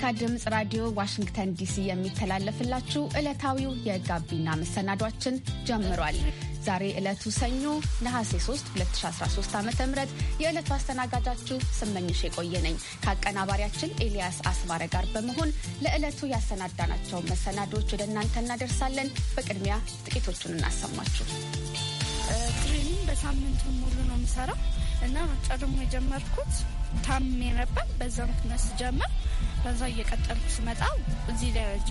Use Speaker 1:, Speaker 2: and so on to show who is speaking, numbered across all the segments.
Speaker 1: ከአሜሪካ ድምፅ ራዲዮ ዋሽንግተን ዲሲ የሚተላለፍላችሁ ዕለታዊው የጋቢና መሰናዷችን ጀምሯል። ዛሬ ዕለቱ ሰኞ ነሐሴ 3 2013 ዓ ም የዕለቱ አስተናጋጃችሁ ስመኝሽ የቆየ ነኝ ከአቀናባሪያችን ኤልያስ አስማረ ጋር በመሆን ለዕለቱ ያሰናዳናቸው መሰናዶዎች ወደ እናንተ እናደርሳለን። በቅድሚያ ጥቂቶቹን እናሰማችሁ። ትሬኒንግ በሳምንቱ ሙሉ ነው የምሰራው እና ሩጫ ደግሞ የጀመርኩት ታምሜ ነበር። በዛ ምክንያት ስጀምር በዛ እየቀጠልኩ ስመጣ እዚህ ደረጃ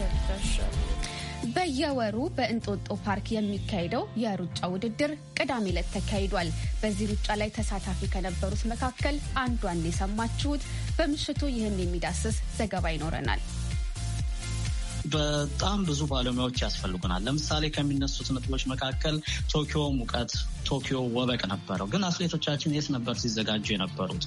Speaker 1: በየወሩ በእንጦጦ ፓርክ የሚካሄደው የሩጫ ውድድር ቅዳሜ ዕለት ተካሂዷል። በዚህ ሩጫ ላይ ተሳታፊ ከነበሩት መካከል አንዷን የሰማችሁት። በምሽቱ ይህን የሚዳስስ ዘገባ ይኖረናል።
Speaker 2: በጣም ብዙ ባለሙያዎች ያስፈልጉናል። ለምሳሌ ከሚነሱት ነጥቦች መካከል ቶኪዮ ሙቀት፣ ቶኪዮ ወበቅ ነበረው። ግን አትሌቶቻችን የት ነበር ሲዘጋጁ የነበሩት?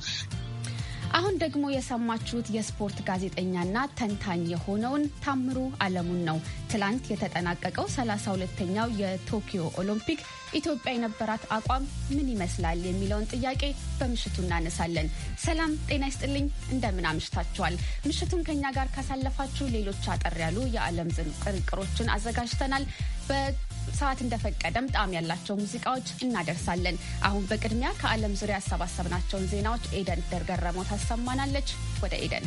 Speaker 1: አሁን ደግሞ የሰማችሁት የስፖርት ጋዜጠኛና ተንታኝ የሆነውን ታምሩ አለሙን ነው። ትላንት የተጠናቀቀው 32ተኛው የቶኪዮ ኦሎምፒክ ኢትዮጵያ የነበራት አቋም ምን ይመስላል የሚለውን ጥያቄ በምሽቱ እናነሳለን። ሰላም ጤና ይስጥልኝ፣ እንደምን አምሽታችኋል። ምሽቱን ከኛ ጋር ካሳለፋችሁ ሌሎች አጠር ያሉ የዓለም ጥንቅሮችን አዘጋጅተናል። ሰዓት እንደፈቀደም ጣዕም ያላቸው ሙዚቃዎች እናደርሳለን። አሁን በቅድሚያ ከዓለም ዙሪያ ያሰባሰብናቸውን ዜናዎች ኤደን ደርገረመው ታሰማናለች። ወደ ኤደን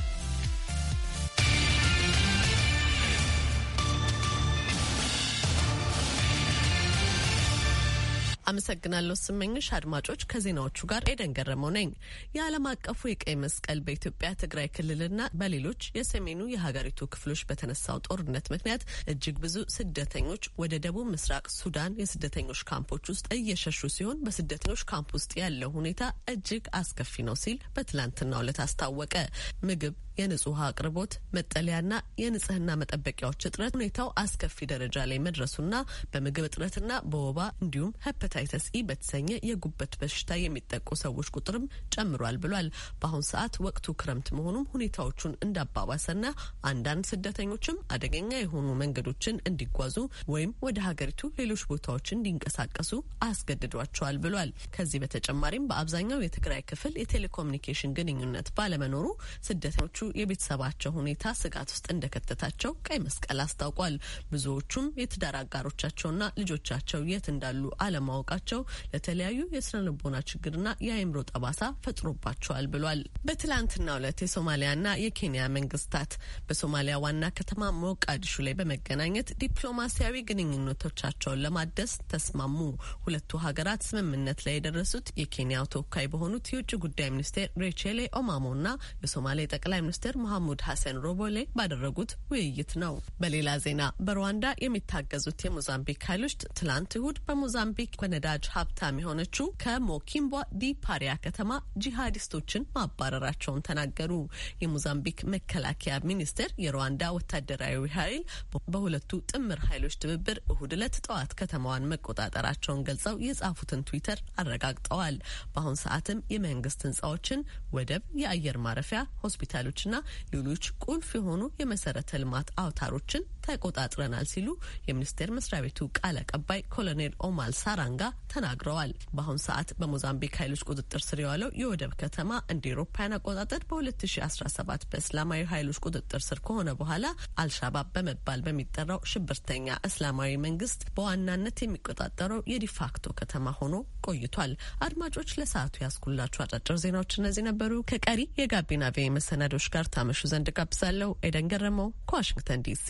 Speaker 3: አመሰግናለሁ ስመኝሽ። አድማጮች ከዜናዎቹ ጋር ኤደን ገረመው ነኝ። የዓለም አቀፉ የቀይ መስቀል በኢትዮጵያ ትግራይ ክልልና በሌሎች የሰሜኑ የሀገሪቱ ክፍሎች በተነሳው ጦርነት ምክንያት እጅግ ብዙ ስደተኞች ወደ ደቡብ ምስራቅ ሱዳን የስደተኞች ካምፖች ውስጥ እየሸሹ ሲሆን በስደተኞች ካምፕ ውስጥ ያለው ሁኔታ እጅግ አስከፊ ነው ሲል በትላንትናው ዕለት አስታወቀ። ምግብ የንጹህ አቅርቦት፣ መጠለያና የንጽህና መጠበቂያዎች እጥረት ሁኔታው አስከፊ ደረጃ ላይ መድረሱና በምግብ እጥረትና በወባ እንዲሁም ሄፐታይተስ ኢ በተሰኘ የጉበት በሽታ የሚጠቁ ሰዎች ቁጥርም ጨምሯል ብሏል። በአሁን ሰዓት ወቅቱ ክረምት መሆኑም ሁኔታዎቹን እንዳባባሰና አንዳንድ ስደተኞችም አደገኛ የሆኑ መንገዶችን እንዲጓዙ ወይም ወደ ሀገሪቱ ሌሎች ቦታዎች እንዲንቀሳቀሱ አስገድዷቸዋል ብሏል። ከዚህ በተጨማሪም በአብዛኛው የትግራይ ክፍል የቴሌኮሙኒኬሽን ግንኙነት ባለመኖሩ ስደተኞቹ ብዙዎቹ የቤተሰባቸው ሁኔታ ስጋት ውስጥ እንደከተታቸው ቀይ መስቀል አስታውቋል። ብዙዎቹም የትዳር አጋሮቻቸውና ልጆቻቸው የት እንዳሉ አለማወቃቸው ለተለያዩ የስነ ልቦና ችግርና የአእምሮ ጠባሳ ፈጥሮባቸዋል ብሏል። በትላንትናው ዕለት የሶማሊያና የኬንያ መንግስታት በሶማሊያ ዋና ከተማ ሞቃዲሹ ላይ በመገናኘት ዲፕሎማሲያዊ ግንኙነቶቻቸውን ለማደስ ተስማሙ። ሁለቱ ሀገራት ስምምነት ላይ የደረሱት የኬንያው ተወካይ በሆኑት የውጭ ጉዳይ ሚኒስቴር ሬቼሌ ኦማሞና የሶማሌ ጠቅላይ ሚኒስትር መሐሙድ ሀሰን ሮቦሌ ባደረጉት ውይይት ነው። በሌላ ዜና በሩዋንዳ የሚታገዙት የሞዛምቢክ ኃይሎች ትላንት እሁድ በሞዛምቢክ በነዳጅ ሀብታም የሆነችው ከሞኪምቧ ዲ ፓሪያ ከተማ ጂሃዲስቶችን ማባረራቸውን ተናገሩ። የሞዛምቢክ መከላከያ ሚኒስቴር የሩዋንዳ ወታደራዊ ኃይል በሁለቱ ጥምር ኃይሎች ትብብር እሁድ ዕለት ጠዋት ከተማዋን መቆጣጠራቸውን ገልጸው የጻፉትን ትዊተር አረጋግጠዋል። በአሁኑ ሰዓትም የመንግስት ህንጻዎችን፣ ወደብ፣ የአየር ማረፊያ፣ ሆስፒታሎች ና ሌሎች ቁልፍ የሆኑ የመሰረተ ልማት አውታሮችን ተቆጣጥረናል ሲሉ የሚኒስቴር መስሪያ ቤቱ ቃል አቀባይ ኮሎኔል ኦማል ሳራንጋ ተናግረዋል። በአሁኑ ሰዓት በሞዛምቢክ ኃይሎች ቁጥጥር ስር የዋለው የወደብ ከተማ እንደ ኤሮፓያን አቆጣጠር በ2017 በእስላማዊ ኃይሎች ቁጥጥር ስር ከሆነ በኋላ አልሻባብ በመባል በሚጠራው ሽብርተኛ እስላማዊ መንግስት በዋናነት የሚቆጣጠረው የዲፋክቶ ከተማ ሆኖ ቆይቷል። አድማጮች ለሰዓቱ ያስኩላችሁ አጫጭር ዜናዎች እነዚህ ነበሩ። ከቀሪ የጋቢና ቬ መሰናዶች ጋር ታመሹ ዘንድ ጋብዛለሁ። ኤደን ገረመው ከዋሽንግተን ዲሲ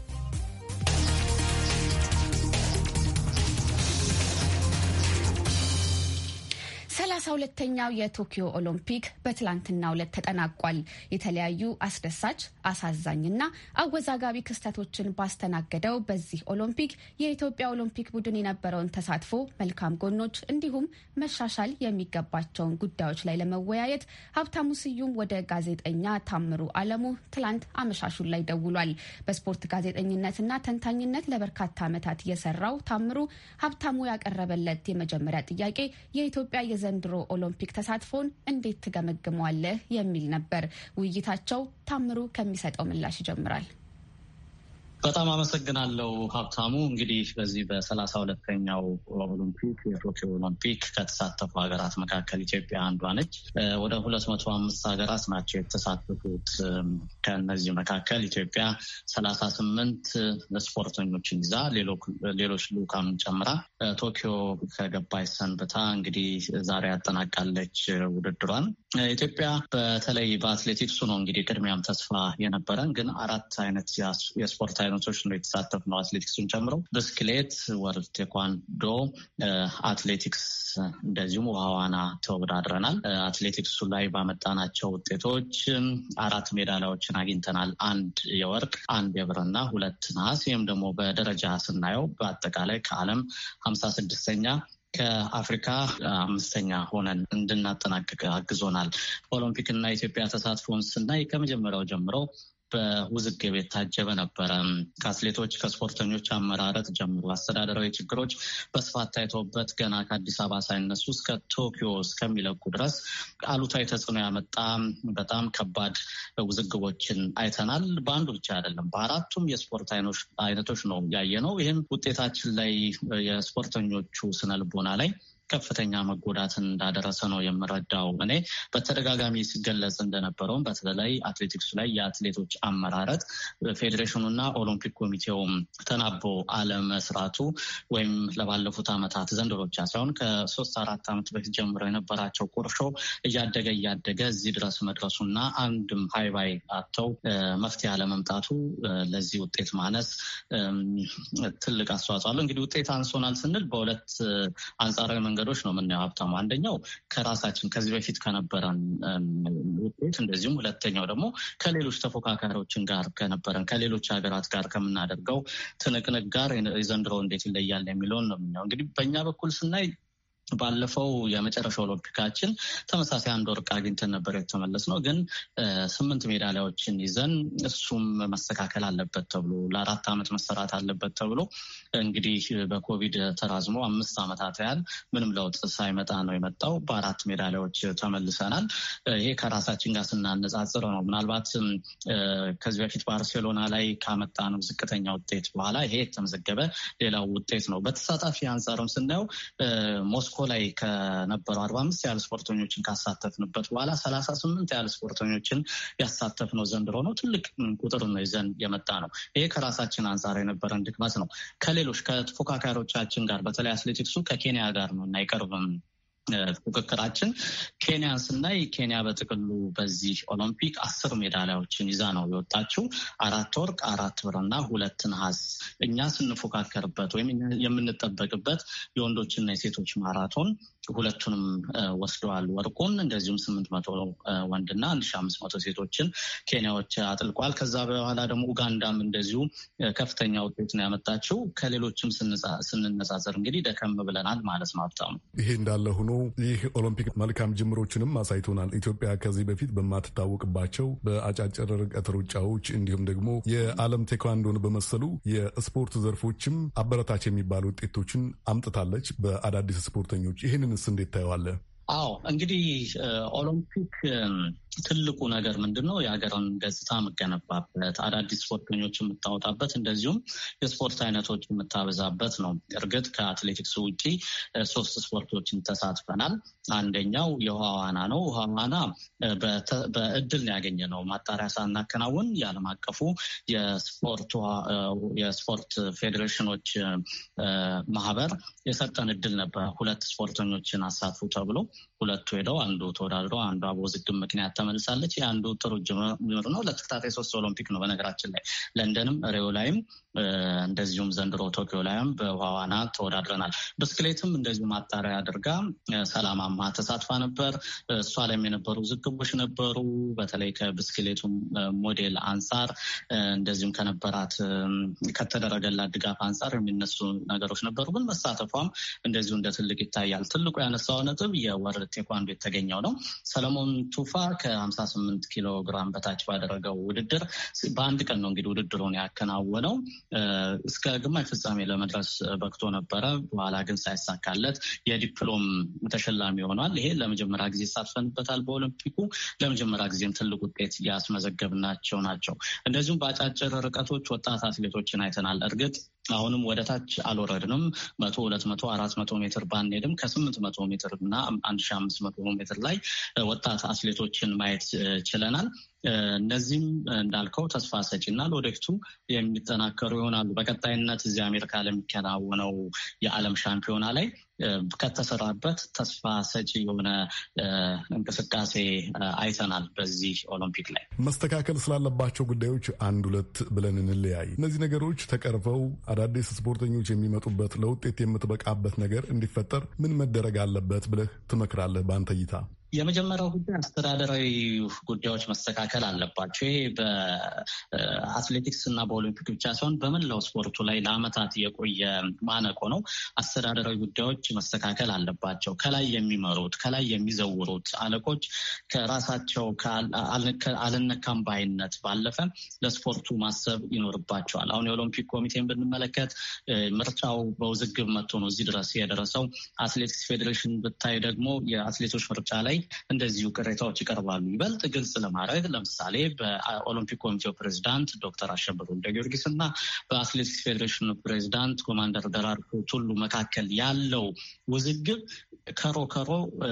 Speaker 1: ሰላሳ ሁለተኛው የቶኪዮ ኦሎምፒክ በትላንትናው ዕለት ተጠናቋል። የተለያዩ አስደሳች፣ አሳዛኝና አወዛጋቢ ክስተቶችን ባስተናገደው በዚህ ኦሎምፒክ የኢትዮጵያ ኦሎምፒክ ቡድን የነበረውን ተሳትፎ፣ መልካም ጎኖች እንዲሁም መሻሻል የሚገባቸውን ጉዳዮች ላይ ለመወያየት ሀብታሙ ስዩም ወደ ጋዜጠኛ ታምሩ አለሙ ትላንት አመሻሹን ላይ ደውሏል። በስፖርት ጋዜጠኝነትና ተንታኝነት ለበርካታ ዓመታት የሰራው ታምሩ ሀብታሙ ያቀረበለት የመጀመሪያ ጥያቄ የኢትዮጵያ የዘንድሮ የሮሮ ኦሎምፒክ ተሳትፎን እንዴት ትገመግመዋለህ? የሚል ነበር ውይይታቸው። ታምሩ ከሚሰጠው ምላሽ ይጀምራል።
Speaker 2: በጣም አመሰግናለሁ ሀብታሙ። እንግዲህ በዚህ በሰላሳ ሁለተኛው ኦሎምፒክ የቶኪዮ ኦሎምፒክ ከተሳተፉ ሀገራት መካከል ኢትዮጵያ አንዷ ነች። ወደ ሁለት መቶ አምስት ሀገራት ናቸው የተሳተፉት። ከእነዚህ መካከል ኢትዮጵያ ሰላሳ ስምንት ስፖርተኞችን ይዛ ሌሎች ልዑካኑን ጨምራ ቶኪዮ ከገባች ሰንብታ እንግዲህ ዛሬ ያጠናቃለች ውድድሯን። ኢትዮጵያ በተለይ በአትሌቲክሱ ነው እንግዲህ ቅድሚያም ተስፋ የነበረን ግን አራት አይነት የስፖርት አይነቶች ነው የተሳተፍ ነው። አትሌቲክሱን ጨምሮ ብስክሌት፣ ወርድ ቴኳንዶ፣ አትሌቲክስ እንደዚሁም ውሃ ዋና ተወዳድረናል። አትሌቲክሱ ላይ ባመጣናቸው ውጤቶች አራት ሜዳሊያዎችን አግኝተናል። አንድ የወርቅ አንድ የብርና ሁለት ነሐስ። ይህም ደግሞ በደረጃ ስናየው በአጠቃላይ ከዓለም ሀምሳ ስድስተኛ ከአፍሪካ አምስተኛ ሆነን እንድናጠናቅቅ አግዞናል። ኦሎምፒክና ኢትዮጵያ ተሳትፎን ስናይ ከመጀመሪያው ጀምሮ በውዝግብ የታጀበ ነበረ። ከአትሌቶች ከስፖርተኞች አመራረት ጀምሮ አስተዳደራዊ ችግሮች በስፋት ታይተውበት ገና ከአዲስ አበባ ሳይነሱ እስከ ቶኪዮ እስከሚለቁ ድረስ አሉታዊ ተጽዕኖ ያመጣ በጣም ከባድ ውዝግቦችን አይተናል። በአንዱ ብቻ አይደለም፣ በአራቱም የስፖርት አይነቶች ነው ያየ ነው። ይህም ውጤታችን ላይ የስፖርተኞቹ ስነልቦና ላይ ከፍተኛ መጎዳትን እንዳደረሰ ነው የምረዳው። እኔ በተደጋጋሚ ሲገለጽ እንደነበረውም በተለይ አትሌቲክሱ ላይ የአትሌቶች አመራረጥ ፌዴሬሽኑና ኦሎምፒክ ኮሚቴውም ተናቦ አለመስራቱ ወይም ለባለፉት አመታት ዘንድሮ ብቻ ሳይሆን ከሶስት አራት ዓመት በፊት ጀምሮ የነበራቸው ቁርሾ እያደገ እያደገ እዚህ ድረስ መድረሱና አንድም ሀይባይ አተው መፍትሄ አለመምጣቱ ለዚህ ውጤት ማነስ ትልቅ አስተዋጽኦ አለው። እንግዲህ ውጤት አንሶናል ስንል በሁለት አንጻራዊ መንገ መንገዶች ነው የምናየው ሀብታሙ። አንደኛው ከራሳችን ከዚህ በፊት ከነበረን ውጤት፣ እንደዚሁም ሁለተኛው ደግሞ ከሌሎች ተፎካካሪዎችን ጋር ከነበረን ከሌሎች ሀገራት ጋር ከምናደርገው ትንቅንቅ ጋር ዘንድሮ እንዴት ይለያል የሚለውን ነው የምናየው። እንግዲህ በእኛ በኩል ስናይ ባለፈው የመጨረሻ ኦሎምፒካችን ተመሳሳይ አንድ ወርቅ አግኝተን ነበር የተመለስ ነው። ግን ስምንት ሜዳሊያዎችን ይዘን እሱም መስተካከል አለበት ተብሎ ለአራት ዓመት መሰራት አለበት ተብሎ እንግዲህ በኮቪድ ተራዝሞ አምስት ዓመታት ያህል ምንም ለውጥ ሳይመጣ ነው የመጣው። በአራት ሜዳሊያዎች ተመልሰናል። ይሄ ከራሳችን ጋር ስናነጻጽር ነው። ምናልባት ከዚህ በፊት ባርሴሎና ላይ ካመጣነው ዝቅተኛ ውጤት በኋላ ይሄ የተመዘገበ ሌላው ውጤት ነው። በተሳታፊ አንጻርም ስናየው ሞስኮ ላይ ከነበሩ አርባ አምስት ያህል ስፖርተኞችን ካሳተፍንበት በኋላ ሰላሳ ስምንት ያህል ስፖርተኞችን ያሳተፍነው ዘንድሮ ነው። ትልቅ ቁጥር ነው ይዘን የመጣ ነው። ይሄ ከራሳችን አንጻር የነበረን ድክመት ነው። ከሌሎች ከተፎካካሪዎቻችን ጋር በተለይ አትሌቲክሱ ከኬንያ ጋር ነው እና አይቀርብም ፉክክራችን ኬንያን ስናይ ኬንያ በጥቅሉ በዚህ ኦሎምፒክ አስር ሜዳሊያዎችን ይዛ ነው የወጣችው። አራት ወርቅ፣ አራት ብርና ሁለት ነሐስ። እኛ ስንፎካከርበት ወይም የምንጠበቅበት የወንዶችና የሴቶች ማራቶን ሁለቱንም ወስደዋል። ወርቁን እንደዚሁም ስምንት መቶ ወንድና አንድ ሺ አምስት መቶ ሴቶችን ኬንያዎች አጥልቋል። ከዛ በኋላ ደግሞ ኡጋንዳም እንደዚሁ ከፍተኛ ውጤት ነው ያመጣችው። ከሌሎችም ስንነጻጸር እንግዲህ ደከም ብለናል ማለት ነው።
Speaker 4: ይሄ እንዳለ ሆኖ ነው። ይህ ኦሎምፒክ መልካም ጅምሮችንም አሳይቶናል። ኢትዮጵያ ከዚህ በፊት በማትታወቅባቸው በአጫጭር ርቀት ሩጫዎች እንዲሁም ደግሞ የዓለም ቴኳንዶን በመሰሉ የስፖርት ዘርፎችም አበረታች የሚባሉ ውጤቶችን አምጥታለች በአዳዲስ ስፖርተኞች። ይህንንስ እንዴት ታየዋለህ?
Speaker 2: አዎ እንግዲህ ኦሎምፒክ ትልቁ ነገር ምንድን ነው? የሀገርን ገጽታ የምገነባበት አዳዲስ ስፖርተኞች የምታወጣበት፣ እንደዚሁም የስፖርት አይነቶች የምታበዛበት ነው። እርግጥ ከአትሌቲክስ ውጪ ሶስት ስፖርቶችን ተሳትፈናል። አንደኛው የውሃ ዋና ነው። ውሃ ዋና በእድል ያገኘ ነው። ማጣሪያ ሳናከናውን የዓለም አቀፉ የስፖርት ፌዴሬሽኖች ማህበር የሰጠን እድል ነበር። ሁለት ስፖርተኞችን አሳትፉ ተብሎ ሁለቱ ሄደው አንዱ ተወዳድሮ አንዷ በውዝግብ ምክንያት ተመልሳለች። የአንዱ አንዱ ጥሩ ጅምር ነው። ለተከታታይ ሶስት ኦሎምፒክ ነው በነገራችን ላይ ለንደንም፣ ሪዮ ላይም እንደዚሁም ዘንድሮ ቶኪዮ ላይም በውሃ ዋና ተወዳድረናል። ብስክሌትም እንደዚሁ ማጣሪያ አድርጋ ሰላማማ ተሳትፋ ነበር። እሷ ላይም የነበሩ ዝግቦች ነበሩ። በተለይ ከብስክሌቱ ሞዴል አንጻር እንደዚሁም ከነበራት ከተደረገላት ድጋፍ አንጻር የሚነሱ ነገሮች ነበሩ። ግን መሳተፏም እንደዚሁ እንደ ትልቅ ይታያል። ትልቁ ያነሳው ነጥብ የወርልድ ቴኳንዶ የተገኘው ነው። ሰለሞን ቱፋ ከ ከ58 ኪሎ ግራም በታች ባደረገው ውድድር በአንድ ቀን ነው እንግዲህ ውድድሩን ያከናወነው። እስከ ግማሽ ፍጻሜ ለመድረስ በቅቶ ነበረ። በኋላ ግን ሳይሳካለት የዲፕሎም ተሸላሚ ሆኗል። ይሄ ለመጀመሪያ ጊዜ ይሳተፍበታል። በኦሎምፒኩ ለመጀመሪያ ጊዜም ትልቅ ውጤት ያስመዘገብናቸው ናቸው። እንደዚሁም በአጫጭር ርቀቶች ወጣት አትሌቶችን አይተናል። እርግጥ አሁንም ወደ ታች አልወረድንም። መቶ ሁለት መቶ አራት መቶ ሜትር ባንሄድም ከስምንት መቶ ሜትር እና አንድ ሺ አምስት መቶ ሜትር ላይ ወጣት አትሌቶችን ማየት ችለናል። እነዚህም እንዳልከው ተስፋ ሰጪና ለወደፊቱ የሚጠናከሩ ይሆናሉ። በቀጣይነት እዚህ አሜሪካ ለሚከናወነው የዓለም ሻምፒዮና ላይ ከተሰራበት ተስፋ ሰጪ የሆነ እንቅስቃሴ አይተናል። በዚህ ኦሎምፒክ ላይ
Speaker 4: መስተካከል ስላለባቸው ጉዳዮች አንድ ሁለት ብለን እንለያይ። እነዚህ ነገሮች ተቀርፈው አዳዲስ ስፖርተኞች የሚመጡበት ለውጤት የምትበቃበት ነገር እንዲፈጠር ምን መደረግ አለበት ብለህ ትመክራለህ በአንተ እይታ?
Speaker 2: የመጀመሪያው ጉዳይ አስተዳደራዊ ጉዳዮች መስተካከል አለባቸው። ይሄ በአትሌቲክስ እና በኦሊምፒክ ብቻ ሳይሆን በመላው ስፖርቱ ላይ ለአመታት የቆየ ማነቆ ነው። አስተዳደራዊ ጉዳዮች መስተካከል አለባቸው። ከላይ የሚመሩት ከላይ የሚዘውሩት አለቆች ከራሳቸው አልነካም ባይነት ባለፈ ለስፖርቱ ማሰብ ይኖርባቸዋል። አሁን የኦሎምፒክ ኮሚቴን ብንመለከት ምርጫው በውዝግብ መጥቶ ነው እዚህ ድረስ የደረሰው። አትሌቲክስ ፌዴሬሽን ብታይ ደግሞ የአትሌቶች ምርጫ ላይ እንደዚሁ ቅሬታዎች ይቀርባሉ። ይበልጥ ግልጽ ለማድረግ ለምሳሌ በኦሎምፒክ ኮሚቴው ፕሬዚዳንት ዶክተር አሸበር ወልደ ጊዮርጊስ እና በአትሌቲክስ ፌዴሬሽኑ ፕሬዚዳንት ኮማንደር ደራርቱ ቱሉ መካከል ያለው ውዝግብ ከሮ ከሮ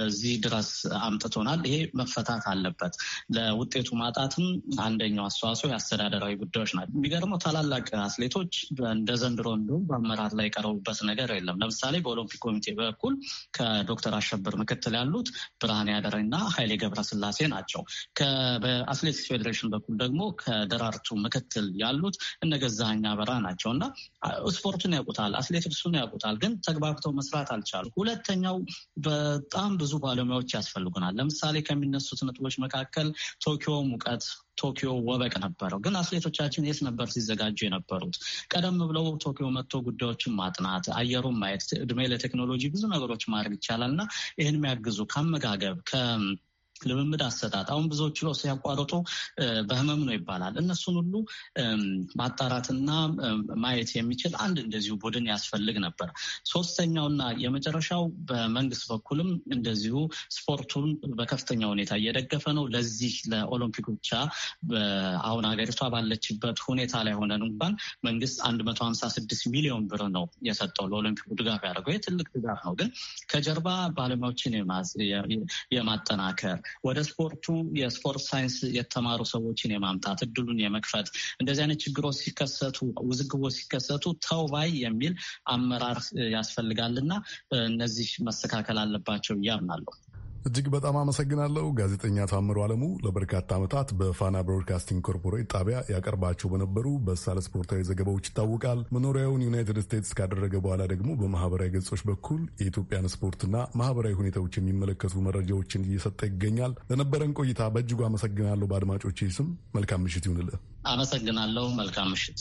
Speaker 2: እዚህ ድረስ አምጥቶናል። ይሄ መፈታት አለበት። ለውጤቱ ማጣትም አንደኛው አስተዋጽኦ የአስተዳደራዊ ጉዳዮች ናቸው። የሚገርመው ታላላቅ አትሌቶች እንደ ዘንድሮ እንዲሁም በአመራር ላይ የቀረቡበት ነገር የለም። ለምሳሌ በኦሎምፒክ ኮሚቴ በኩል ከዶክተር አሸብር ምክትል ያሉት ብርሃን ያደረና ኃይሌ ገብረስላሴ ናቸው። በአትሌቲክስ ፌዴሬሽን በኩል ደግሞ ከደራርቱ ምክትል ያሉት እነ ገዛኸኝ አበራ ናቸው እና ስፖርቱን ያውቁታል፣ አትሌቲክሱን ያውቁታል፣ ግን ተግባብተው መስራት አልቻሉ። ሁለተኛው በጣም ብዙ ባለሙያዎች ያስፈልጉናል። ለምሳሌ ከሚነሱት ነጥቦች መካከል ቶኪዮ ሙቀት ቶኪዮ ወበቅ ነበረው። ግን አትሌቶቻችን የት ነበር ሲዘጋጁ የነበሩት? ቀደም ብለው ቶኪዮ መጥቶ ጉዳዮችን ማጥናት፣ አየሩን ማየት፣ እድሜ ለቴክኖሎጂ ብዙ ነገሮች ማድረግ ይቻላል እና ይህን የሚያግዙ ከአመጋገብ ልምምድ አሰጣጥ አሁን ብዙዎች ችሎ ሲያቋርጡ በህመም ነው ይባላል። እነሱን ሁሉ ማጣራትና ማየት የሚችል አንድ እንደዚሁ ቡድን ያስፈልግ ነበር። ሶስተኛውና የመጨረሻው በመንግስት በኩልም እንደዚሁ ስፖርቱን በከፍተኛ ሁኔታ እየደገፈ ነው። ለዚህ ለኦሎምፒክ ብቻ አሁን ሀገሪቷ ባለችበት ሁኔታ ላይ ሆነን እንኳን መንግስት ስድስት ሚሊዮን ብር ነው የሰጠው ለኦሎምፒኩ ድጋፍ ያደርገው። ይህ ትልቅ ድጋፍ ነው፣ ግን ከጀርባ ባለሙያዎችን የማጠናከር ወደ ስፖርቱ የስፖርት ሳይንስ የተማሩ ሰዎችን የማምጣት እድሉን የመክፈት እንደዚህ አይነት ችግሮች ሲከሰቱ፣ ውዝግቦች ሲከሰቱ ተው ባይ የሚል አመራር ያስፈልጋልና እነዚህ መስተካከል አለባቸው ብዬ አምናለሁ።
Speaker 4: እጅግ በጣም አመሰግናለሁ ጋዜጠኛ ታምሩ አለሙ ለበርካታ ዓመታት በፋና ብሮድካስቲንግ ኮርፖሬት ጣቢያ ያቀርባቸው በነበሩ በሳለ ስፖርታዊ ዘገባዎች ይታወቃል። መኖሪያውን ዩናይትድ ስቴትስ ካደረገ በኋላ ደግሞ በማህበራዊ ገጾች በኩል የኢትዮጵያን ስፖርትና ማህበራዊ ሁኔታዎች የሚመለከቱ መረጃዎችን እየሰጠ ይገኛል። ለነበረን ቆይታ በእጅጉ አመሰግናለሁ። በአድማጮች ስም መልካም ምሽት ይሁንልህ።
Speaker 2: አመሰግናለሁ። መልካም ምሽት።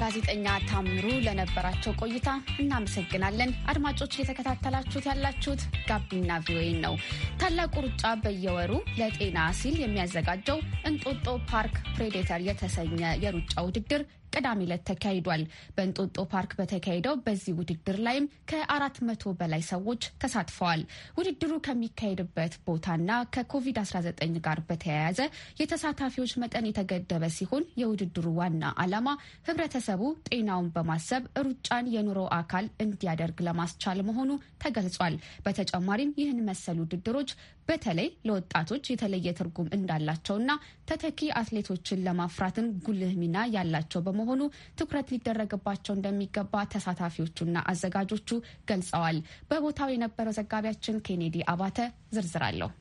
Speaker 1: ጋዜጠኛ ታምሩ ለነበራቸው ቆይታ እናመሰግናለን። አድማጮች እየተከታተላችሁት ያላችሁት ጋቢና ቪኦኤ ነው። ታላቁ ሩጫ በየወሩ ለጤና ሲል የሚያዘጋጀው እንጦጦ ፓርክ ፕሬዴተር የተሰኘ የሩጫ ውድድር ቅዳሜ ዕለት ተካሂዷል። በእንጦጦ ፓርክ በተካሄደው በዚህ ውድድር ላይም ከአራት መቶ በላይ ሰዎች ተሳትፈዋል። ውድድሩ ከሚካሄድበት ቦታና ከኮቪድ-19 ጋር በተያያዘ የተሳታፊዎች መጠን የተገደበ ሲሆን የውድድሩ ዋና ዓላማ ህብረተ ህብረተሰቡ ጤናውን በማሰብ ሩጫን የኑሮ አካል እንዲያደርግ ለማስቻል መሆኑ ተገልጿል። በተጨማሪም ይህን መሰሉ ውድድሮች በተለይ ለወጣቶች የተለየ ትርጉም እንዳላቸውና ተተኪ አትሌቶችን ለማፍራትን ጉልህ ሚና ያላቸው በመሆኑ ትኩረት ሊደረግባቸው እንደሚገባ ተሳታፊዎቹና አዘጋጆቹ ገልጸዋል። በቦታው የነበረው ዘጋቢያችን ኬኔዲ አባተ ዝርዝር አለው።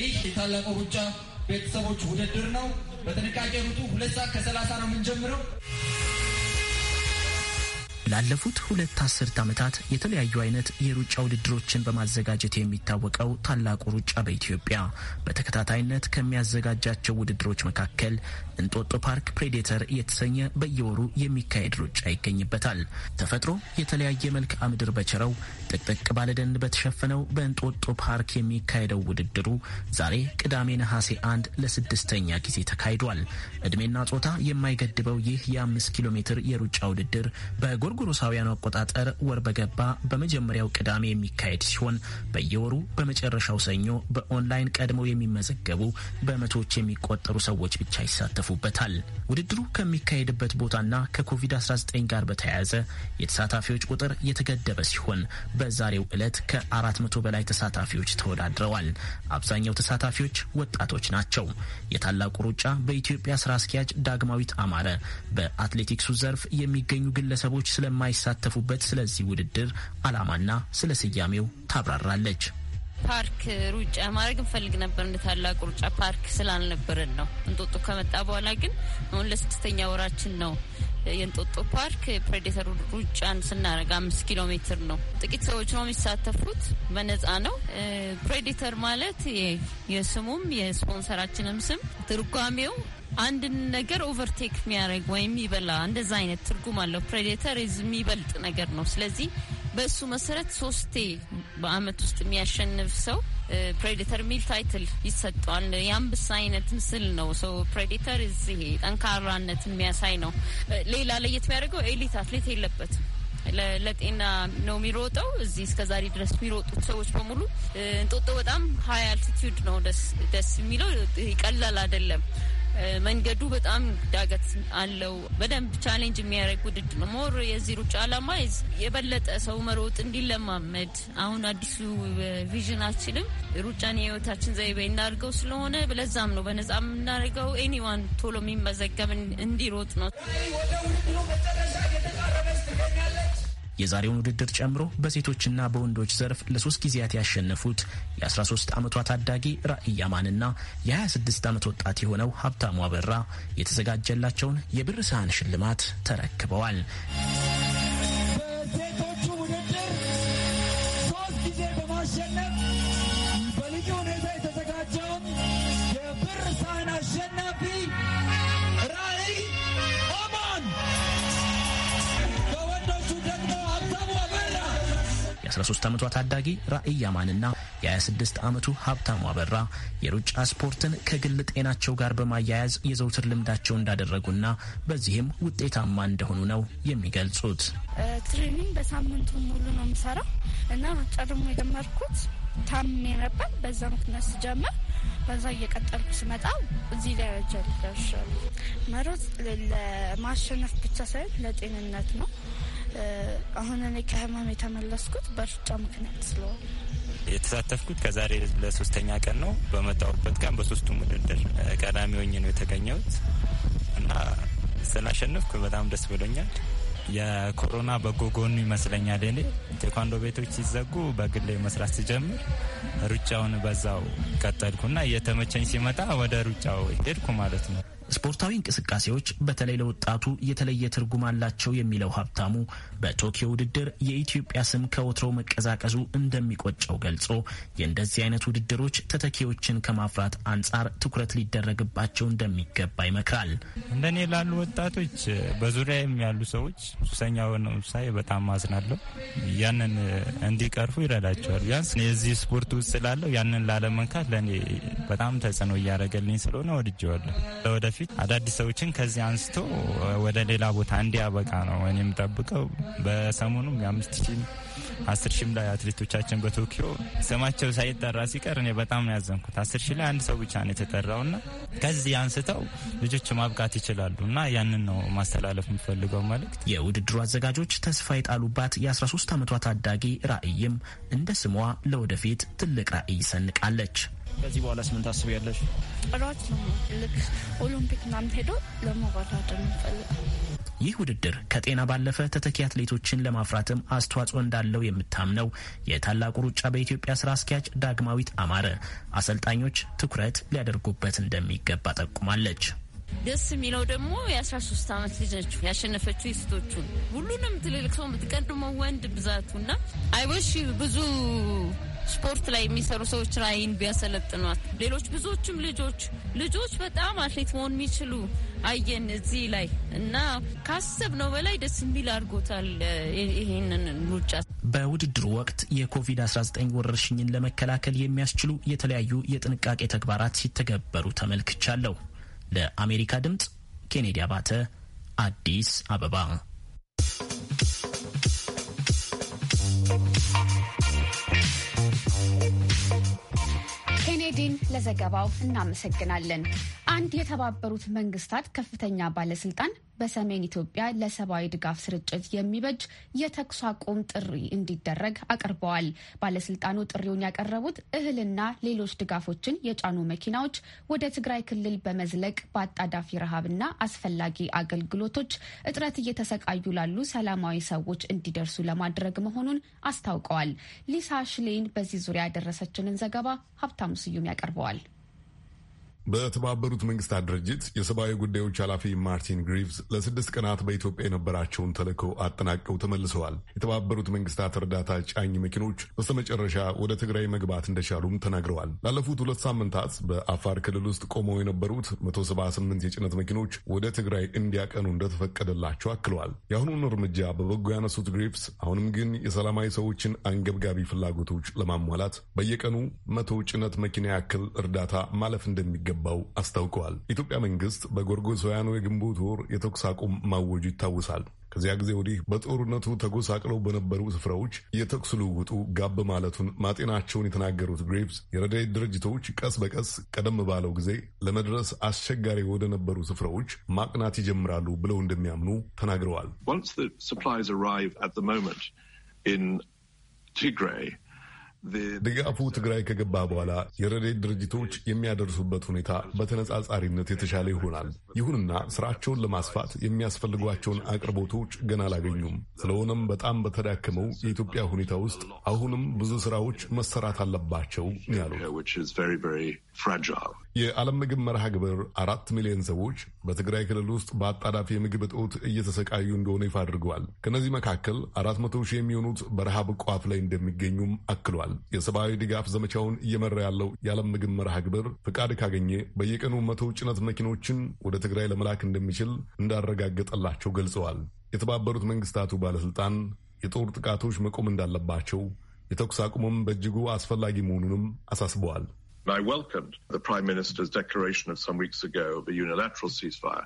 Speaker 5: ይህ የታላቁ ሩጫ ቤተሰቦች ውድድር ነው። በጥንቃቄ
Speaker 6: ሩጡ። ሁለት ሰዓት ከሰላሳ ነው የምንጀምረው። ላለፉት ሁለት አስርት ዓመታት የተለያዩ አይነት የሩጫ ውድድሮችን በማዘጋጀት የሚታወቀው ታላቁ ሩጫ በኢትዮጵያ በተከታታይነት ከሚያዘጋጃቸው ውድድሮች መካከል እንጦጦ ፓርክ ፕሬዴተር የተሰኘ በየወሩ የሚካሄድ ሩጫ ይገኝበታል። ተፈጥሮ የተለያየ መልክዓ ምድር በቸረው ጥቅጥቅ ባለደን በተሸፈነው በእንጦጦ ፓርክ የሚካሄደው ውድድሩ ዛሬ ቅዳሜ ነሐሴ አንድ ለስድስተኛ ጊዜ ተካሂዷል። እድሜና ጾታ የማይገድበው ይህ የአምስት ኪሎ ሜትር የሩጫ ውድድር በጎርጎ ጎርጎሮሳውያኑ አቆጣጠር ወር በገባ በመጀመሪያው ቅዳሜ የሚካሄድ ሲሆን በየወሩ በመጨረሻው ሰኞ በኦንላይን ቀድመው የሚመዘገቡ በመቶዎች የሚቆጠሩ ሰዎች ብቻ ይሳተፉበታል። ውድድሩ ከሚካሄድበት ቦታና ከኮቪድ-19 ጋር በተያያዘ የተሳታፊዎች ቁጥር የተገደበ ሲሆን በዛሬው ዕለት ከ400 በላይ ተሳታፊዎች ተወዳድረዋል። አብዛኛው ተሳታፊዎች ወጣቶች ናቸው። የታላቁ ሩጫ በኢትዮጵያ ስራ አስኪያጅ ዳግማዊት አማረ በአትሌቲክሱ ዘርፍ የሚገኙ ግለሰቦች ስለ ስለማይሳተፉበት ስለዚህ ውድድር ዓላማና ስለ ስያሜው ታብራራለች።
Speaker 7: ፓርክ ሩጫ ማድረግ እንፈልግ ነበር። እንደ ታላቁ ሩጫ ፓርክ ስላልነበረን ነው። እንጦጦ ከመጣ በኋላ ግን አሁን ለስድስተኛ ወራችን ነው የእንጦጦ ፓርክ ፕሬዴተር ሩጫን ስናደርግ አምስት ኪሎ ሜትር ነው። ጥቂት ሰዎች ነው የሚሳተፉት፣ በነጻ ነው። ፕሬዴተር ማለት የስሙም የስፖንሰራችንም ስም ትርጓሜው አንድን ነገር ኦቨርቴክ የሚያደርግ ወይም ይበላ እንደዛ አይነት ትርጉም አለው። ፕሬዴተር የሚበልጥ ነገር ነው። ስለዚህ በእሱ መሰረት ሶስቴ በአመት ውስጥ የሚያሸንፍ ሰው ፕሬዴተር የሚል ታይትል ይሰጠዋል። የአንበሳ አይነት ምስል ነው። ሰው ፕሬዴተር እዚህ ጠንካራነት የሚያሳይ ነው። ሌላ ለየት የሚያደርገው ኤሊት አትሌት የለበትም። ለጤና ነው የሚሮጠው። እዚህ ዛሬ ድረስ የሚሮጡት ሰዎች በሙሉ እንጦጦ በጣም ሀይ አልቲቲዩድ ነው ደስ የሚለው ቀላል አይደለም። መንገዱ በጣም ዳገት አለው። በደንብ ቻሌንጅ የሚያደርግ ውድድር ነው። ሞር የዚህ ሩጫ አላማ የበለጠ ሰው መሮጥ እንዲለማመድ አሁን አዲሱ ቪዥናችንም ሩጫን የህይወታችን ዘይቤ እናድርገው ስለሆነ ለዛም ነው በነጻ የምናደርገው። ኤኒዋን ቶሎ የሚመዘገብ እንዲሮጥ ነው።
Speaker 6: የዛሬውን ውድድር ጨምሮ በሴቶችና በወንዶች ዘርፍ ለሶስት ጊዜያት ያሸነፉት የ13 ዓመቷ ታዳጊ ራእይ አማንና የ26 ዓመት ወጣት የሆነው ሀብታሙ አበራ የተዘጋጀላቸውን የብር ሰሃን ሽልማት ተረክበዋል። የ13 ዓመቷ ታዳጊ ራእይ ያማንና የ26 ዓመቱ ሀብታሙ አበራ የሩጫ ስፖርትን ከግል ጤናቸው ጋር በማያያዝ የዘውትር ልምዳቸው እንዳደረጉና በዚህም ውጤታማ እንደሆኑ ነው የሚገልጹት።
Speaker 1: ትሬኒንግ በሳምንቱ ሙሉ ነው የምሰራው እና ሩጫ ደግሞ የጀመርኩት ታምሜ ነበር። በዛ ምክንያት ስጀምር በዛ እየቀጠልኩ ስመጣ እዚህ ደረጃ ደርሻለሁ። መሮጥ ለማሸነፍ ብቻ ሳይሆን ለጤንነት ነው። አሁን እኔ ከህመም የተመለስኩት በሩጫ ምክንያት ስለሆነ
Speaker 5: የተሳተፍኩት ከዛሬ ለሶስተኛ ቀን ነው። በመጣሁበት ቀን በሶስቱም ውድድር ቀዳሚ ሆኜ ነው የተገኘሁት እና ስላሸነፍኩ በጣም ደስ ብሎኛል። የኮሮና በጎ ጎኑ ይመስለኛል እኔ ቴኳንዶ ቤቶች ሲዘጉ በግሌ መስራት ሲጀምር ሩጫውን በዛው ቀጠልኩና እየተመቸኝ ሲመጣ ወደ ሩጫው ሄድኩ ማለት ነው።
Speaker 6: ስፖርታዊ እንቅስቃሴዎች በተለይ ለወጣቱ የተለየ ትርጉም አላቸው የሚለው ሀብታሙ በቶኪዮ ውድድር የኢትዮጵያ ስም ከወትሮው መቀዛቀዙ እንደሚቆጨው ገልጾ የእንደዚህ አይነት ውድድሮች ተተኪዎችን ከማፍራት አንጻር ትኩረት ሊደረግባቸው እንደሚገባ ይመክራል።
Speaker 5: እንደኔ ላሉ ወጣቶች በዙሪያም ያሉ ሰዎች ሱሰኛ ሆነው ሳይ በጣም ማዝናለሁ። ያንን እንዲቀርፉ ይረዳቸዋል። ቢያንስ የዚህ ስፖርት ውስጥ ላለው ያንን ላለመንካት ለእኔ በጣም ተጽዕኖ እያደረገልኝ ስለሆነ ወድጀዋለሁ። ለወደፊት በፊት አዳዲስ ሰዎችን ከዚህ አንስቶ ወደ ሌላ ቦታ እንዲያበቃ ነው እኔ የምጠብቀው። በሰሞኑም የአምስት ሺ አስር ሺም ላይ አትሌቶቻችን በቶኪዮ ስማቸው ሳይጠራ ሲቀር እኔ በጣም ነው ያዘንኩት። አስር ሺ ላይ አንድ ሰው ብቻ ነው የተጠራው እና ከዚህ አንስተው ልጆች ማብቃት
Speaker 6: ይችላሉ እና ያንን ነው ማስተላለፍ የምፈልገው መልእክት። የውድድሩ አዘጋጆች ተስፋ የጣሉባት የ13 ዓመቷ ታዳጊ ራዕይም እንደ ስሟ ለወደፊት ትልቅ ራዕይ ሰንቃለች። ከዚህ በኋላ ምን ታስቢያለሽ?
Speaker 1: ሯጭ ነው። ልክ ኦሎምፒክ ምናምን ሄዶ ለመወዳደር እንፈልጋል።
Speaker 6: ይህ ውድድር ከጤና ባለፈ ተተኪ አትሌቶችን ለማፍራትም አስተዋጽኦ እንዳለው የምታምነው የታላቁ ሩጫ በኢትዮጵያ ስራ አስኪያጅ ዳግማዊት አማረ አሰልጣኞች ትኩረት ሊያደርጉበት እንደሚገባ ጠቁማለች።
Speaker 7: ደስ የሚለው ደግሞ የአስራ ሶስት ዓመት ልጅ ነች ያሸነፈችው የሴቶቹን ሁሉንም ትልልቅ ሰው የምትቀድመው ወንድ ብዛቱ እና ብዙ ስፖርት ላይ የሚሰሩ ሰዎች ራይን ቢያሰለጥኗት ሌሎች ብዙዎችም ልጆች ልጆች በጣም አትሌት መሆን የሚችሉ አየን እዚህ ላይ እና ካሰብነው በላይ ደስ የሚል አድርጎታል ይህንን ሩጫ።
Speaker 6: በውድድሩ ወቅት የኮቪድ-19 ወረርሽኝን ለመከላከል የሚያስችሉ የተለያዩ የጥንቃቄ ተግባራት ሲተገበሩ ተመልክቻለሁ። ለአሜሪካ ድምፅ ኬኔዲ አባተ አዲስ አበባ።
Speaker 1: ኬኔዲን ለዘገባው እናመሰግናለን። አንድ የተባበሩት መንግስታት ከፍተኛ ባለስልጣን በሰሜን ኢትዮጵያ ለሰብአዊ ድጋፍ ስርጭት የሚበጅ የተኩስ አቁም ጥሪ እንዲደረግ አቅርበዋል። ባለስልጣኑ ጥሪውን ያቀረቡት እህልና ሌሎች ድጋፎችን የጫኑ መኪናዎች ወደ ትግራይ ክልል በመዝለቅ በአጣዳፊ ረሃብና አስፈላጊ አገልግሎቶች እጥረት እየተሰቃዩ ላሉ ሰላማዊ ሰዎች እንዲደርሱ ለማድረግ መሆኑን አስታውቀዋል። ሊሳ ሽሌን በዚህ ዙሪያ ያደረሰችንን ዘገባ ሀብታሙ ስዩም ስዩም ያቀርበዋል።
Speaker 4: በተባበሩት መንግስታት ድርጅት የሰብአዊ ጉዳዮች ኃላፊ ማርቲን ግሪቭስ ለስድስት ቀናት በኢትዮጵያ የነበራቸውን ተልዕኮ አጠናቀው ተመልሰዋል። የተባበሩት መንግስታት እርዳታ ጫኝ መኪኖች በስተመጨረሻ ወደ ትግራይ መግባት እንደቻሉም ተናግረዋል። ላለፉት ሁለት ሳምንታት በአፋር ክልል ውስጥ ቆመው የነበሩት 178 የጭነት መኪኖች ወደ ትግራይ እንዲያቀኑ እንደተፈቀደላቸው አክለዋል። የአሁኑን እርምጃ በበጎ ያነሱት ግሪቭስ አሁንም ግን የሰላማዊ ሰዎችን አንገብጋቢ ፍላጎቶች ለማሟላት በየቀኑ መቶ ጭነት መኪና ያክል እርዳታ ማለፍ እንደሚገ እንደሚገባው አስታውቀዋል። ኢትዮጵያ መንግስት በጎርጎሳውያኑ የግንቦት ወር የተኩስ አቁም ማወጁ ይታወሳል። ከዚያ ጊዜ ወዲህ በጦርነቱ ተጎሳቅለው በነበሩ ስፍራዎች የተኩስ ልውውጡ ጋብ ማለቱን ማጤናቸውን የተናገሩት ግሬቭስ የረድኤት ድርጅቶች ቀስ በቀስ ቀደም ባለው ጊዜ ለመድረስ አስቸጋሪ ወደ ነበሩ ስፍራዎች ማቅናት ይጀምራሉ ብለው እንደሚያምኑ ተናግረዋል። ድጋፉ ትግራይ ከገባ በኋላ የረድኤት ድርጅቶች የሚያደርሱበት ሁኔታ በተነጻጻሪነት የተሻለ ይሆናል። ይሁንና ስራቸውን ለማስፋት የሚያስፈልጓቸውን አቅርቦቶች ገና አላገኙም። ስለሆነም በጣም በተዳከመው የኢትዮጵያ ሁኔታ ውስጥ አሁንም ብዙ ስራዎች መሰራት አለባቸው ያሉት fragile. የዓለም ምግብ መርሃ ግብር አራት ሚሊዮን ሰዎች በትግራይ ክልል ውስጥ በአጣዳፊ የምግብ እጦት እየተሰቃዩ እንደሆነ ይፋ አድርገዋል። ከእነዚህ መካከል አራት መቶ ሺህ የሚሆኑት በረሃብ ቋፍ ላይ እንደሚገኙም አክሏል። የሰብአዊ ድጋፍ ዘመቻውን እየመራ ያለው የዓለም ምግብ መርሃ ግብር ፍቃድ ካገኘ በየቀኑ መቶ ጭነት መኪኖችን ወደ ትግራይ ለመላክ እንደሚችል እንዳረጋገጠላቸው ገልጸዋል። የተባበሩት መንግስታቱ ባለስልጣን የጦር ጥቃቶች መቆም እንዳለባቸው፣ የተኩስ አቁምም በእጅጉ አስፈላጊ መሆኑንም አሳስበዋል። I welcomed the Prime Minister's declaration of some weeks ago of a unilateral ceasefire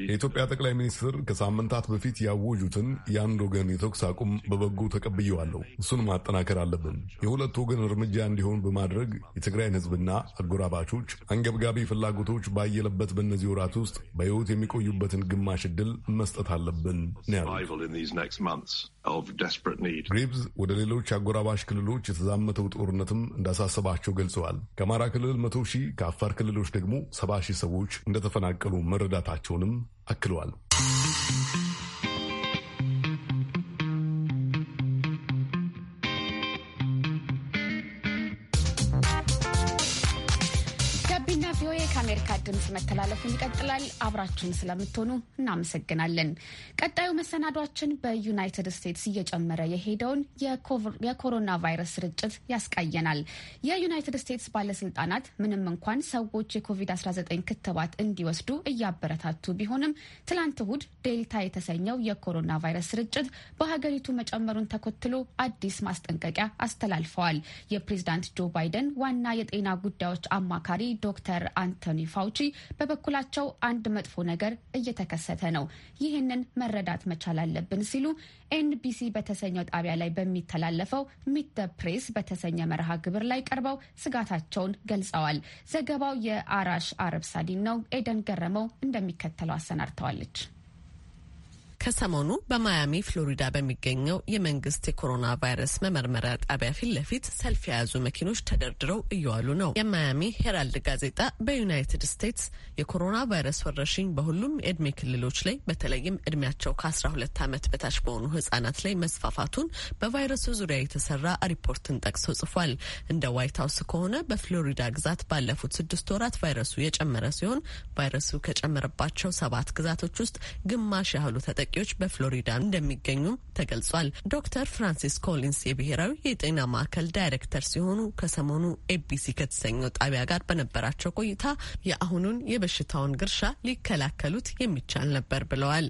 Speaker 4: የኢትዮጵያ ጠቅላይ ሚኒስትር ከሳምንታት በፊት ያወጁትን የአንድ ወገን የተኩስ አቁም በበጎ ተቀብየዋለሁ። እሱን ማጠናከር አለብን። የሁለት ወገን እርምጃ እንዲሆን በማድረግ የትግራይን ሕዝብና አጎራባቾች አንገብጋቢ ፍላጎቶች ባየለበት በእነዚህ ወራት ውስጥ በሕይወት የሚቆዩበትን ግማሽ እድል መስጠት አለብን ያሉት። ግሪብዝ ወደ ሌሎች አጎራባሽ ክልሎች የተዛመተው ጦርነትም እንዳሳሰባቸው ገልጸዋል። ከአማራ ክልል መቶ ሺህ ከአፋር ክልሎች ደግሞ ሰባ ሺህ ሰዎች እንደተፈናቀሉ መረዳታቸውንም አክለዋል።
Speaker 1: ቪኦኤ ከአሜሪካ ድምፅ መተላለፉን ይቀጥላል። አብራችሁን ስለምትሆኑ እናመሰግናለን። ቀጣዩ መሰናዷችን በዩናይትድ ስቴትስ እየጨመረ የሄደውን የኮሮና ቫይረስ ስርጭት ያስቃየናል። የዩናይትድ ስቴትስ ባለስልጣናት ምንም እንኳን ሰዎች የኮቪድ-19 ክትባት እንዲወስዱ እያበረታቱ ቢሆንም ትላንት እሁድ ዴልታ የተሰኘው የኮሮና ቫይረስ ስርጭት በሀገሪቱ መጨመሩን ተከትሎ አዲስ ማስጠንቀቂያ አስተላልፈዋል። የፕሬዚዳንት ጆ ባይደን ዋና የጤና ጉዳዮች አማካሪ ዶክተር ዶክተር አንቶኒ ፋውቺ በበኩላቸው አንድ መጥፎ ነገር እየተከሰተ ነው፣ ይህንን መረዳት መቻል አለብን ሲሉ ኤንቢሲ በተሰኘው ጣቢያ ላይ በሚተላለፈው ሚት ደ ፕሬስ በተሰኘ መርሃ ግብር ላይ ቀርበው ስጋታቸውን ገልጸዋል። ዘገባው የአራሽ አረብ ሳዲን ነው። ኤደን ገረመው እንደሚከተለው አሰናድተዋለች።
Speaker 3: ከሰሞኑ በማያሚ ፍሎሪዳ በሚገኘው የመንግስት የኮሮና ቫይረስ መመርመሪያ ጣቢያ ፊት ለፊት ሰልፍ የያዙ መኪኖች ተደርድረው እየዋሉ ነው። የማያሚ ሄራልድ ጋዜጣ በዩናይትድ ስቴትስ የኮሮና ቫይረስ ወረርሽኝ በሁሉም የእድሜ ክልሎች ላይ በተለይም እድሜያቸው ከ12 ዓመት በታች በሆኑ ህጻናት ላይ መስፋፋቱን በቫይረሱ ዙሪያ የተሰራ ሪፖርትን ጠቅሶ ጽፏል። እንደ ዋይት ሀውስ ከሆነ በፍሎሪዳ ግዛት ባለፉት ስድስት ወራት ቫይረሱ የጨመረ ሲሆን ቫይረሱ ከጨመረባቸው ሰባት ግዛቶች ውስጥ ግማሽ ያህሉ ተጠቅ ተጠቂዎች በፍሎሪዳ እንደሚገኙም ተገልጿል። ዶክተር ፍራንሲስ ኮሊንስ የብሔራዊ የጤና ማዕከል ዳይሬክተር ሲሆኑ ከሰሞኑ ኤቢሲ ከተሰኘው ጣቢያ ጋር በነበራቸው ቆይታ የአሁኑን የበሽታውን ግርሻ ሊከላከሉት የሚቻል ነበር ብለዋል።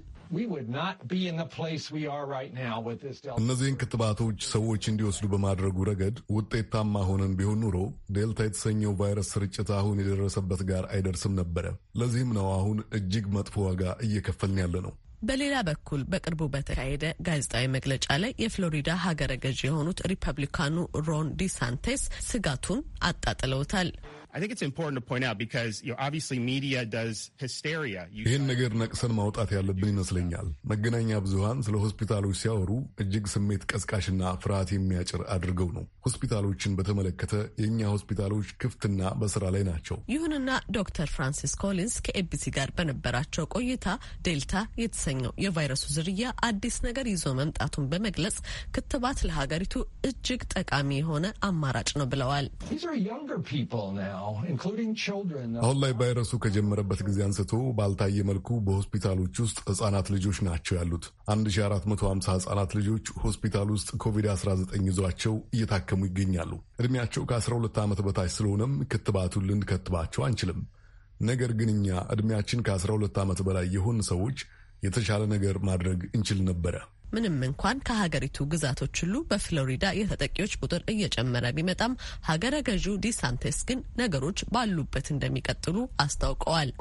Speaker 4: እነዚህን ክትባቶች ሰዎች እንዲወስዱ በማድረጉ ረገድ ውጤታማ ሆነን ቢሆን ኑሮ ዴልታ የተሰኘው ቫይረስ ስርጭት አሁን የደረሰበት ጋር አይደርስም ነበረ። ለዚህም ነው አሁን እጅግ መጥፎ ዋጋ እየከፈልን ያለ ነው።
Speaker 3: በሌላ በኩል በቅርቡ በተካሄደ ጋዜጣዊ መግለጫ ላይ የፍሎሪዳ ሀገረ ገዥ የሆኑት ሪፐብሊካኑ ሮን ዲሳንቴስ ስጋቱን አጣጥለውታል።
Speaker 4: ይህን ነገር ነቅሰን ማውጣት ያለብን ይመስለኛል። መገናኛ ብዙሃን ስለ ሆስፒታሎች ሲያወሩ እጅግ ስሜት ቀስቃሽና ፍርሃት የሚያጭር አድርገው ነው። ሆስፒታሎችን በተመለከተ የእኛ ሆስፒታሎች ክፍትና በስራ ላይ ናቸው።
Speaker 3: ይሁንና ዶክተር ፍራንሲስ ኮሊንስ ከኤቢሲ ጋር በነበራቸው ቆይታ ዴልታ የተሰኘው የቫይረሱ ዝርያ አዲስ ነገር ይዞ መምጣቱን በመግለጽ ክትባት ለሀገሪቱ እጅግ ጠቃሚ የሆነ አማራጭ ነው ብለዋል። አሁን ላይ
Speaker 4: ቫይረሱ ከጀመረበት ጊዜ አንስቶ ባልታየ መልኩ በሆስፒታሎች ውስጥ ህጻናት ልጆች ናቸው ያሉት 1450 ህጻናት ልጆች ሆስፒታል ውስጥ ኮቪድ-19 ይዟቸው እየታከሙ ይገኛሉ። እድሜያቸው ከ12 ዓመት በታች ስለሆነም ክትባቱን ልንከትባቸው አንችልም። ነገር ግን እኛ እድሜያችን ከ12 ዓመት በላይ የሆን ሰዎች የተሻለ ነገር ማድረግ እንችል ነበረ።
Speaker 3: ምንም እንኳን ከሀገሪቱ ግዛቶች ሁሉ በፍሎሪዳ የተጠቂዎች ቁጥር እየጨመረ ቢመጣም ሀገረ ገዢው ዲሳንቴስ ግን ነገሮች ባሉበት እንደሚቀጥሉ አስታውቀዋል።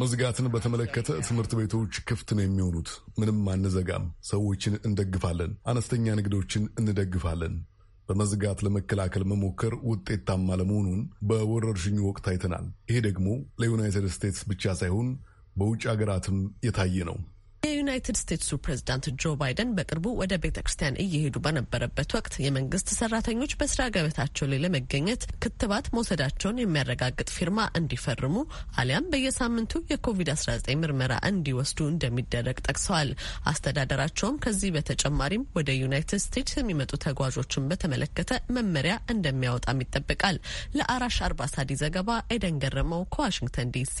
Speaker 4: መዝጋትን በተመለከተ ትምህርት ቤቶች ክፍት ነው የሚሆኑት። ምንም አንዘጋም። ሰዎችን እንደግፋለን። አነስተኛ ንግዶችን እንደግፋለን። በመዝጋት ለመከላከል መሞከር ውጤታማ ለመሆኑን በወረርሽኙ ወቅት አይተናል። ይሄ ደግሞ ለዩናይትድ ስቴትስ ብቻ ሳይሆን በውጭ ሀገራትም የታየ ነው።
Speaker 3: የዩናይትድ ስቴትሱ ፕሬዝዳንት ጆ ባይደን በቅርቡ ወደ ቤተ ክርስቲያን እየሄዱ በነበረበት ወቅት የመንግስት ሰራተኞች በስራ ገበታቸው ላይ ለመገኘት ክትባት መውሰዳቸውን የሚያረጋግጥ ፊርማ እንዲፈርሙ አሊያም በየሳምንቱ የኮቪድ-19 ምርመራ እንዲወስዱ እንደሚደረግ ጠቅሰዋል። አስተዳደራቸውም ከዚህ በተጨማሪም ወደ ዩናይትድ ስቴትስ የሚመጡ ተጓዦችን በተመለከተ መመሪያ እንደሚያወጣም ይጠበቃል። ለአራሽ አርባሳዲ ዘገባ ኤደን ገረመው ከዋሽንግተን ዲሲ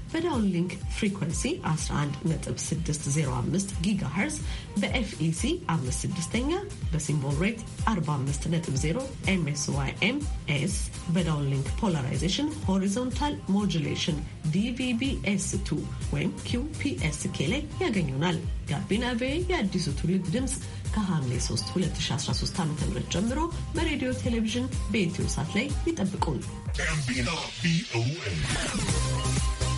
Speaker 3: በዳውን ሊንክ ፍሪኩንሲ 11605 ጊጋሃርዝ በኤፍኢሲ 56ኛ በሲምቦል ሬት 450 ኤምኤስዋይኤምኤስ በዳውን ሊንክ ፖላራይዜሽን ሆሪዞንታል ሞጁሌሽን ዲቪቢኤስ2 ወይም ኪውፒኤስኬ ላይ ያገኙናል። ጋቢና ቬ የአዲሱ ትውልድ ድምፅ ከሐምሌ 3 2013 ዓ ም ጀምሮ በሬዲዮ
Speaker 1: ቴሌቪዥን በኢትዮ ሳት ላይ ይጠብቁን።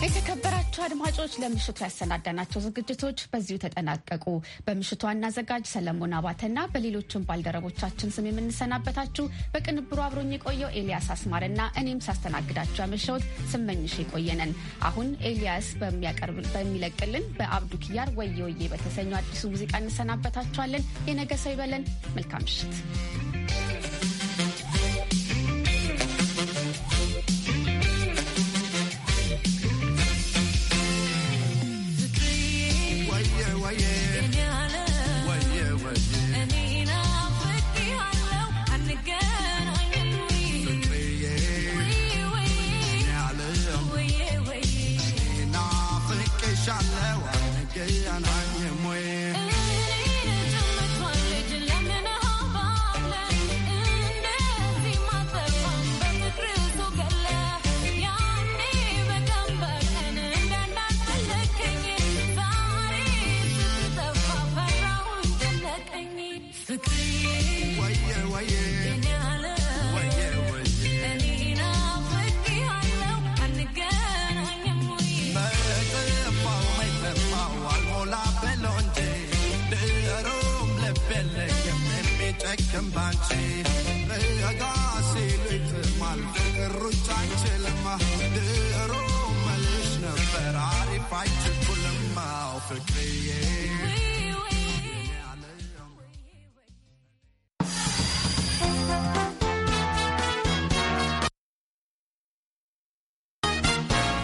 Speaker 1: የተከበራቸው አድማጮች ለምሽቱ ያሰናዳናቸው ዝግጅቶች በዚሁ ተጠናቀቁ። በምሽቱ ዋና አዘጋጅ ሰለሞን አባተና በሌሎችም ባልደረቦቻችን ስም የምንሰናበታችሁ በቅንብሩ አብሮኝ የቆየው ኤልያስ አስማርና እኔም ሳስተናግዳችሁ ያመሸሁት ስመኝሽ የቆየነን። አሁን ኤልያስ በሚያቀርብ በሚለቅልን በአብዱ ኪያር ወየወዬ በተሰኘው አዲሱ ሙዚቃ እንሰናበታችኋለን። የነገ ሰው ይበለን። መልካም ምሽት።
Speaker 4: tonight.